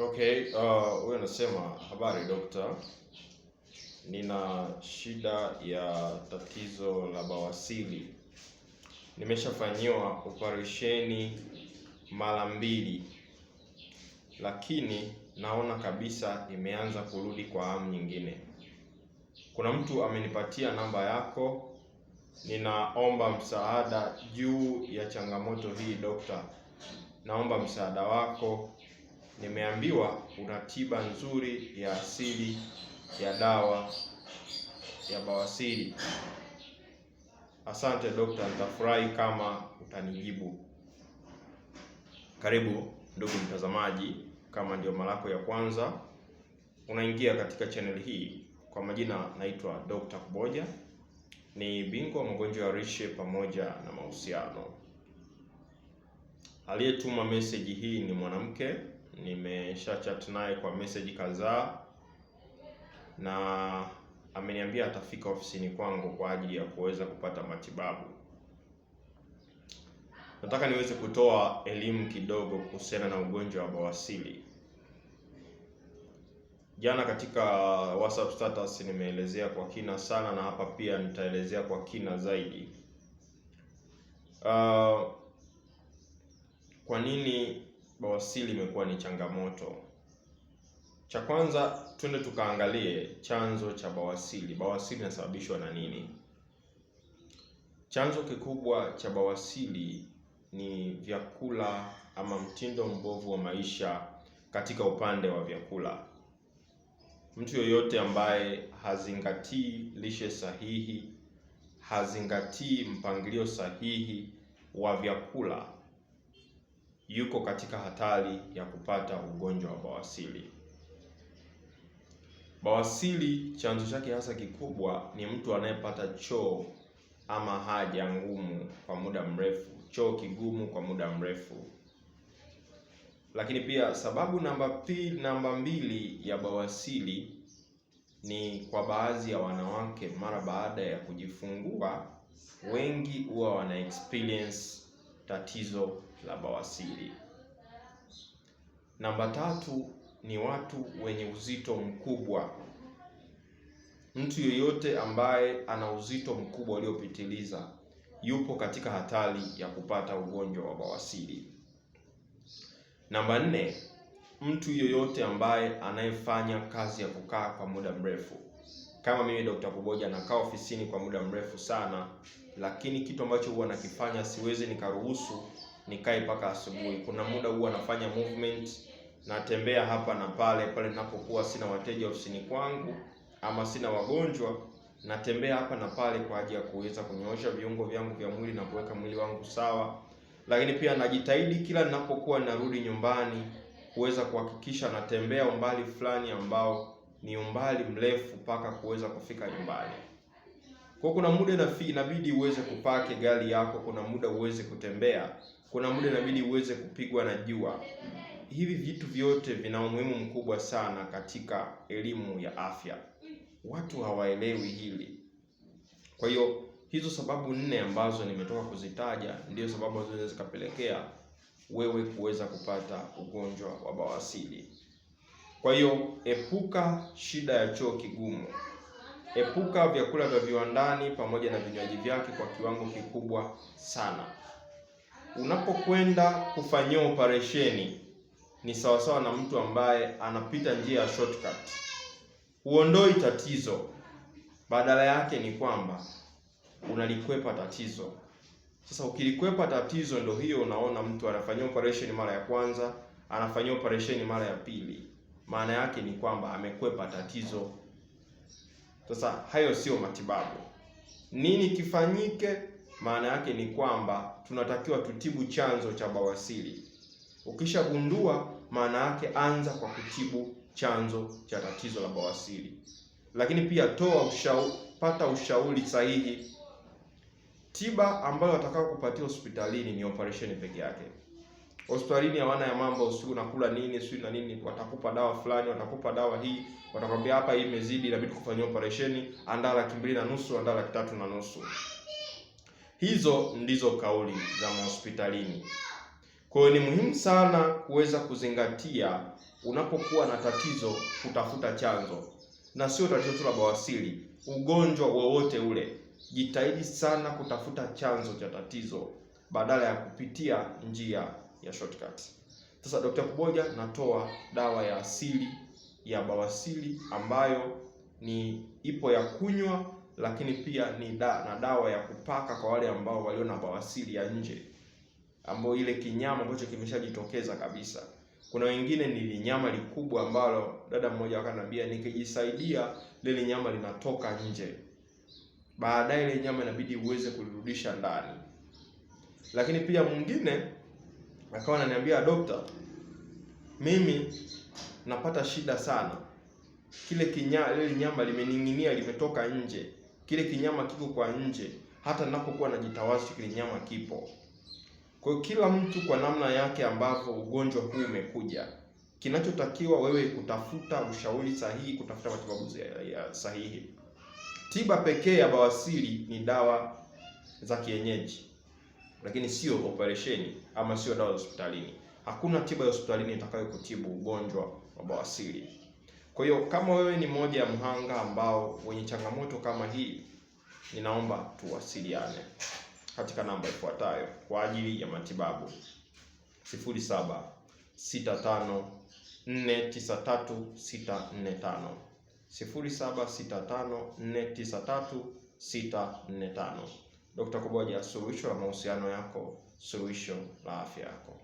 Okay, huyu uh, anasema habari dokta, nina shida ya tatizo la bawasiri, nimeshafanyiwa operesheni mara mbili, lakini naona kabisa imeanza kurudi kwa amu nyingine. Kuna mtu amenipatia namba yako, ninaomba msaada juu ya changamoto hii dokta, naomba msaada wako nimeambiwa una tiba nzuri ya asili ya dawa ya bawasiri. Asante dokta, nitafurahi kama utanijibu. Karibu ndugu mtazamaji, kama ndio mara yako ya kwanza unaingia katika channel hii, kwa majina naitwa Dr. Kuboja, ni bingwa wa magonjwa ya lishe pamoja na mahusiano. Aliyetuma meseji hii ni mwanamke nimesha chat naye kwa message kadhaa, na ameniambia atafika ofisini kwangu kwa ajili ya kuweza kupata matibabu. Nataka niweze kutoa elimu kidogo kuhusiana na ugonjwa wa bawasiri. Jana katika WhatsApp status nimeelezea kwa kina sana, na hapa pia nitaelezea kwa kina zaidi. Uh, kwa nini bawasili imekuwa ni changamoto. Cha kwanza, twende tukaangalie chanzo cha bawasili bawasili inasababishwa na nini? Chanzo kikubwa cha bawasili ni vyakula ama mtindo mbovu wa maisha katika upande wa vyakula. Mtu yoyote ambaye hazingatii lishe sahihi, hazingatii mpangilio sahihi wa vyakula yuko katika hatari ya kupata ugonjwa wa bawasiri. Bawasiri chanzo chake hasa kikubwa ni mtu anayepata choo ama haja ngumu kwa muda mrefu, choo kigumu kwa muda mrefu. Lakini pia sababu namba pili, namba mbili ya bawasiri ni kwa baadhi ya wanawake mara baada ya kujifungua, wengi huwa wana experience tatizo la bawasiri. Namba tatu ni watu wenye uzito mkubwa. Mtu yeyote ambaye ana uzito mkubwa uliopitiliza yupo katika hatari ya kupata ugonjwa wa bawasiri. Namba nne, mtu yeyote ambaye anayefanya kazi ya kukaa kwa muda mrefu. Kama mimi Dr. Kuboja nakaa ofisini kwa muda mrefu sana, lakini kitu ambacho huwa nakifanya siwezi nikaruhusu nikae mpaka asubuhi. Kuna muda huwa nafanya movement, natembea hapa na pale pale ninapokuwa sina wateja ofisini kwangu ama sina wagonjwa, natembea hapa na pale kwa ajili ya kuweza kunyoosha viungo vyangu vya mwili na kuweka mwili wangu sawa. Lakini pia najitahidi kila ninapokuwa narudi nyumbani kuweza kuhakikisha natembea umbali fulani ambao ni umbali mrefu mpaka kuweza kufika nyumbani. Kwa kuna muda inabidi uweze kupaki gari yako, kuna muda uweze kutembea kuna muda inabidi uweze kupigwa na jua. Hivi vitu vyote vina umuhimu mkubwa sana katika elimu ya afya. Watu hawaelewi hili. Kwa hiyo hizo sababu nne ambazo nimetoka kuzitaja ndio sababu ambazo zinaweza zikapelekea wewe kuweza kupata ugonjwa wa bawasiri. Kwa hiyo epuka shida ya choo kigumu, epuka vyakula vya viwandani pamoja na vinywaji vyake kwa kiwango kikubwa sana unapokwenda kufanyia operesheni ni sawasawa na mtu ambaye anapita njia ya shortcut. Huondoi tatizo, badala yake ni kwamba unalikwepa tatizo. Sasa ukilikwepa tatizo, ndio hiyo unaona mtu anafanyia operation mara ya kwanza, anafanyia operation mara ya pili, maana yake ni kwamba amekwepa tatizo. Sasa hayo sio matibabu. Nini kifanyike? maana yake ni kwamba tunatakiwa tutibu chanzo cha bawasiri. Ukishagundua, maana yake anza kwa kutibu chanzo cha tatizo la bawasiri, lakini pia toa ushauri, pata ushauri sahihi. Tiba ambayo atakao kupatia hospitalini ni operation peke yake. Hospitalini hawana ya mambo, usiku unakula nini, usiku na nini, watakupa dawa fulani, watakupa dawa hii, watakwambia hapa hii imezidi, inabidi kufanyia operation, andaa laki mbili na nusu, andaa laki tatu na nusu. Hizo ndizo kauli za mahospitalini. Kwa hiyo ni muhimu sana kuweza kuzingatia unapokuwa na tatizo, kutafuta chanzo na sio tatizo tu la bawasiri, ugonjwa wowote ule, jitahidi sana kutafuta chanzo cha tatizo badala ya kupitia njia ya shortcut. Sasa Dr. Kuboja natoa dawa ya asili ya bawasiri ambayo ni ipo ya kunywa lakini pia ni da, na dawa ya kupaka kwa wale ambao walio na bawasiri ya nje ambao ile kinyama ambacho kimeshajitokeza kabisa. Kuna wengine ni linyama likubwa ambalo dada mmoja akaniambia nikijisaidia lile nyama linatoka nje, baadaye ile nyama inabidi uweze kulirudisha ndani. Lakini pia mwingine akawa ananiambia dokta, mimi napata shida sana, kile kinya, lile nyama limening'inia, limetoka nje kile kinyama kiko kwa nje, hata ninapokuwa najitawashi kile kinyama kipo. Kwa hiyo kila mtu kwa namna yake ambavyo ugonjwa huu umekuja, kinachotakiwa wewe kutafuta ushauri sahihi, kutafuta matibabu sahihi. Tiba pekee ya bawasiri ni dawa za kienyeji, lakini sio operesheni ama sio dawa za hospitalini. Hakuna tiba ya hospitalini itakayokutibu ugonjwa wa bawasiri. Kwa hiyo kama wewe ni mmoja ya mhanga ambao wenye changamoto kama hii, ninaomba tuwasiliane katika namba ifuatayo kwa ajili ya matibabu: 0765493645, 0765493645. Dr. Kuboja, suluhisho la mahusiano yako, suluhisho la afya yako.